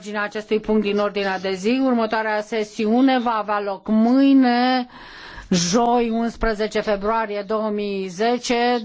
marginea acestui punct din ordinea de zi. Următoarea sesiune va avea loc mâine, joi 11 februarie 2010. De